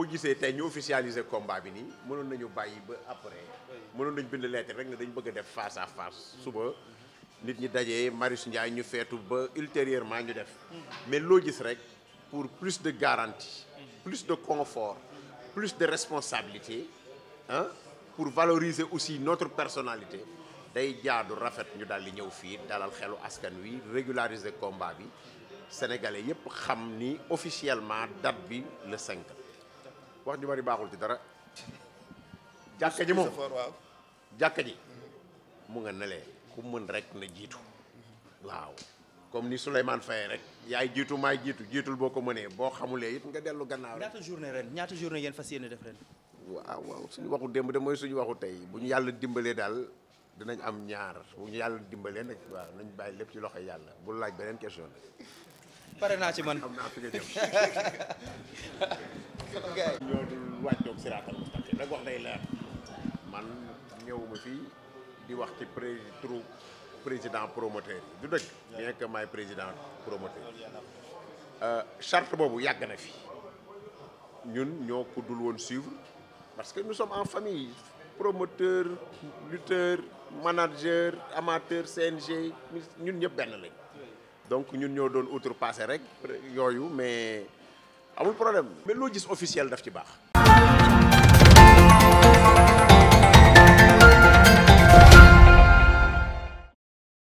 Nous gisee officialisé ñu combat bi nii mënoon nañu bàyyi ba après mënoon nañu bind lettre rek dañu face à face suba nit ñi dajee Marius Ndiaye ñu ba ultérieurement ñu def mais loo rek pour plus de garantie plus de confort plus de responsabilité hein, pour valoriser aussi notre personnalité nous jaadu rafet ñu daal di ñëw fii dalal xelu régulariser combat bi sénégalais yépp xam ni officiellement date le 5. wax ñu bari baaxul ci dara jàkka ji moom jàkka ji mu nga nelee ku mën rek na jiitu waaw comme ni Souleymane Faye rek yaay jiitu maay jiitu jiitul boo ko mënee boo xamulee it nga dellu gannaaw rek ñaata journée ren ñaata journée ngeen fas yéene def ren waaw waaw suñu waxu démb de mooy suñu waxu tey bu ñu yàlla dimbalee daal dinañ am ñaar bu ñu yàlla dimbalee nag waaw nañ bàyyi lépp ci loxo yàlla bu laaj beneen question nag pare naa ci man wàccoog siraatal mustaqim nag wax day leer man ñëwuma fii di wax ci pré trou président promoteur du dëgg bien que maay président promoteur euh charte bobu yag na fi ñun ñoo ko dul woon suivre parce que nous sommes en famille promoteur lutteur manager amateur CNG ñun ñëpp ben lañ donc ñun ñoo doon passer rek yooyu mais amul problème mais loo gis officiel daf ci baax